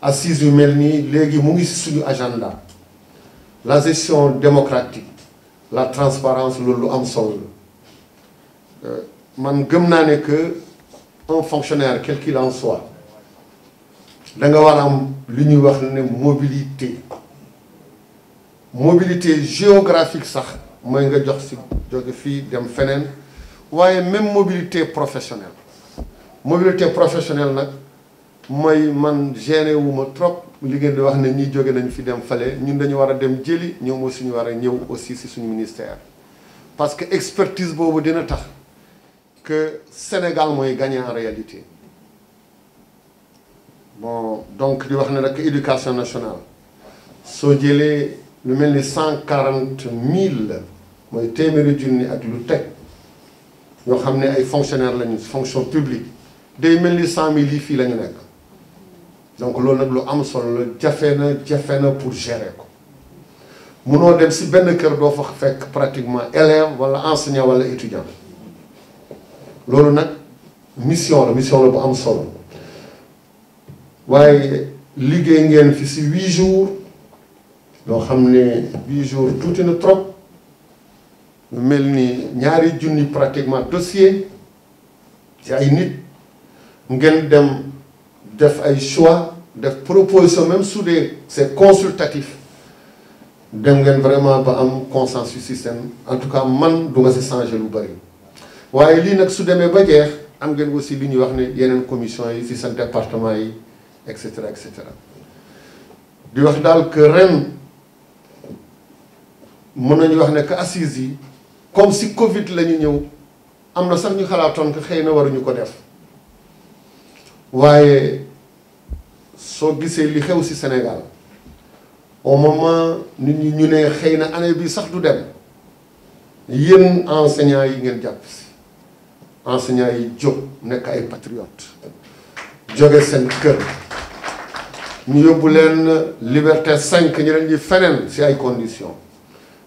assise Melni, les agenda la gestion démocratique la transparence le ensemble. am solo euh, man que un fonctionnaire quel qu'il en soit da nga mobilité mobilité géographique moy nga jox ci jóge fi dem fenen waye même mobilité professionnelle mobilité professionnelle nak moy man gêné ma trop li di wax ne ñi jogé nañ fi dem Nous ñun dañu wara dem jëli ñëw mo suñu wara aussi ci suñu ministère parce que expertise bobu dina tax que Sénégal moy gagné en réalité bon donc di wax ne rek éducation nationale so jëlé lu mel ni cent quarante mille mooy téeméeri junni ak lu teg ñoo xam ne ay fonctionnaire lañu fonction publique day mel ni cent mille yi fii la ñu nekk donc loolu nag lu am solo la jafe na jafe na pour gérer ko munoo dem si benn kër doo fa fekk pratiquement élève wala enseignant wala étudiant loolu nag mission la mission la bu am solo waaye liggéey ngeen fi si huit jours loo xam ne huit jours tuuti na trop lu mel ni ñaari junni pratiquement dossier ci ay nit ngeen dem def ay choix def proposition même sous dee c'est consultatif dem ngeen vraiment ba am consensus système en tout cas man du ma si changer lu bëri waaye lii nag su demee ba jeex am ngeen aussi li ñuy wax ne yeneen commission yi si seen département yi etc cetera et cetera di wax daal que ren mën nañu wax ne que comme si Covid la ñëw am sax ñu xalaatoon que xëy na waruñu ko def waaye soo gisee li xew Sénégal au moment nit ñi ne na bi sax du dem yéen enseignants yi ngeen jàpp yi jóg nekk ay patriotes jóge seen kër ñu liberté 5 ñu conditions.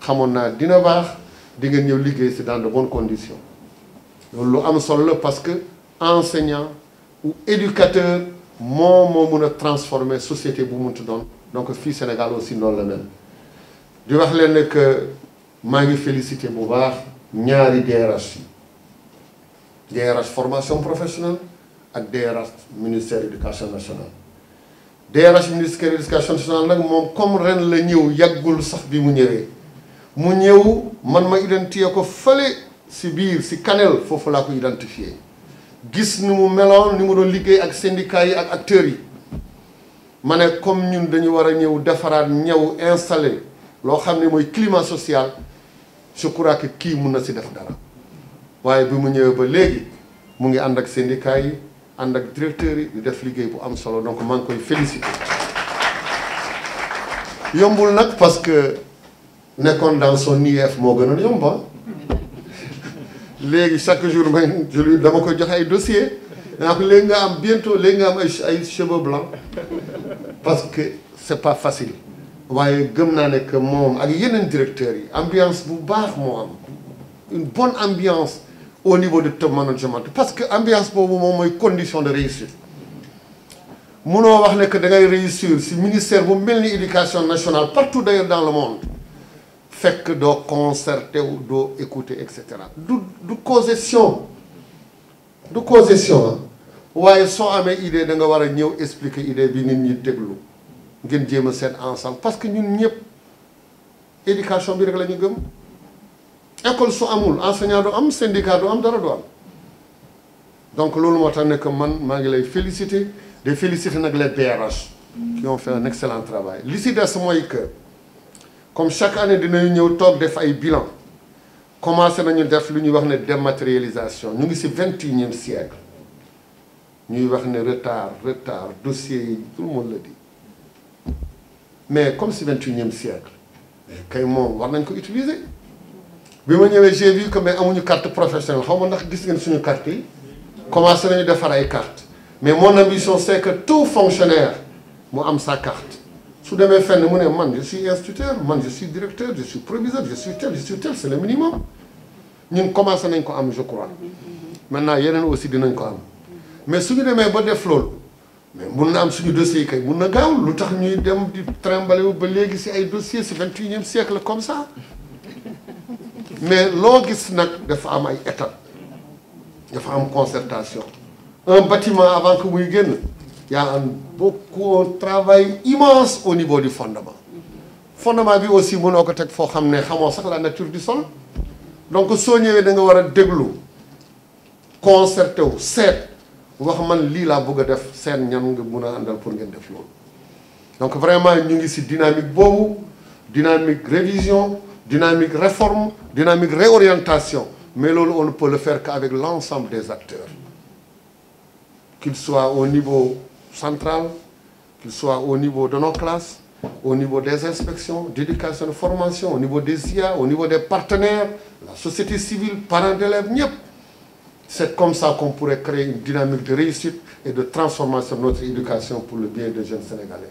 xamona sais dina bax di nga ñew liggéey ci dans de bonnes conditions loolu lu am solo parce que enseignant ou éducateur mo mo mun transformer société bu muntu don donc fi Sénégal aussi non la même. di wax leen que ma ngi féliciter bu baax ñaari DRH DRH formation professionnelle ak DRH ministère de l'éducation nationale DRH ministère de l'éducation nationale nak comme ren la ñew yagul sax bi mu mu ñew man ma identifié ko fële si bir ci canal fofu la ko identifié gis ni mu melone ni mu do liggéey ak syndicat yi ak acteur yi mané comme ñun dañu wara ñew défarat ñew installer lo xamné moy climat social je crois que ki mu na ci def dara waye bu mu ñew ba légui mu ngi and ak syndicat yi and ak directeur yi di def liggéey bu am solo donc man koy féliciter yombul nak parce que nekkoon dans son mo ne ñom pas ah. légui chaque jour je lui dama que joxe ay dossier danaa ko nga am bientôt léegi nga am ay cheveux blancs parce que c'est pas facile waaye gëm na nek que ak yeneen directeur yi ambiance bu baax mo am une bonne ambiance au niveau de top management parce que ambiance boobu une condition de réussite munoo wax ne que da ngay réussir si ministère bu mel ni nationale partout d'ailleurs dans le monde fekk doo concerter ou doo écouter etc. cetera du du concession du concession hein. waaye soo amee idée da nga war a ñëw expliquer idée bi nit ñi déglu ngeen jéem a ensemble parce que ñun ñëpp éducation bi rek la ñu école su amul enseignant du am syndicat du am dara du donc loolu moo tax ne que man maa ngi lay féliciter de féliciter nag les PRH qui ont fait un excellent travail li si des mooy que comme chaque année nous ñëw tok def ay bilan commencé nañu def lu ñuy wax né dématérialisation ñu ngi ci 21e siècle ñuy wax né retard retard dossier tout le monde le dit mais comme c'est 21e siècle kay on war nañ ko utiliser bi j'ai vu que mais amuñu carte professionnelle xaw ma ndax gis ngeen suñu carte yi commencé nañu defar ay carte mais mon ambition c'est que tout fonctionnaire mu am sa carte je suis instituteur je suis directeur je suis proviseur je suis tel je suis tel c'est le minimum Nous commencé à ko je crois maintenant aussi mais si je mais dossier kay na nous di siècle comme ça mais l'autre gis femme concertation un bâtiment avant que muy il y a un, beaucoup, de travail immense au niveau du fondement. fondement vie aussi mon architecte teg foo xam la nature du sol donc si ñëwee da nga war a déglu concerté wu seet wax man lii laa bëgg a def seen ñan nga pour ngeen donc vraiment ñu ngi une dynamique une dynamique révision dynamique réforme dynamique réorientation mais là, on ne peut le faire qu'avec l'ensemble des acteurs qu'ils soient au niveau centrale, qu'il soit au niveau de nos classes, au niveau des inspections, d'éducation, de formation, au niveau des IA, au niveau des partenaires, la société civile, parents d'élèves, c'est comme ça qu'on pourrait créer une dynamique de réussite et de transformation de notre éducation pour le bien des jeunes Sénégalais.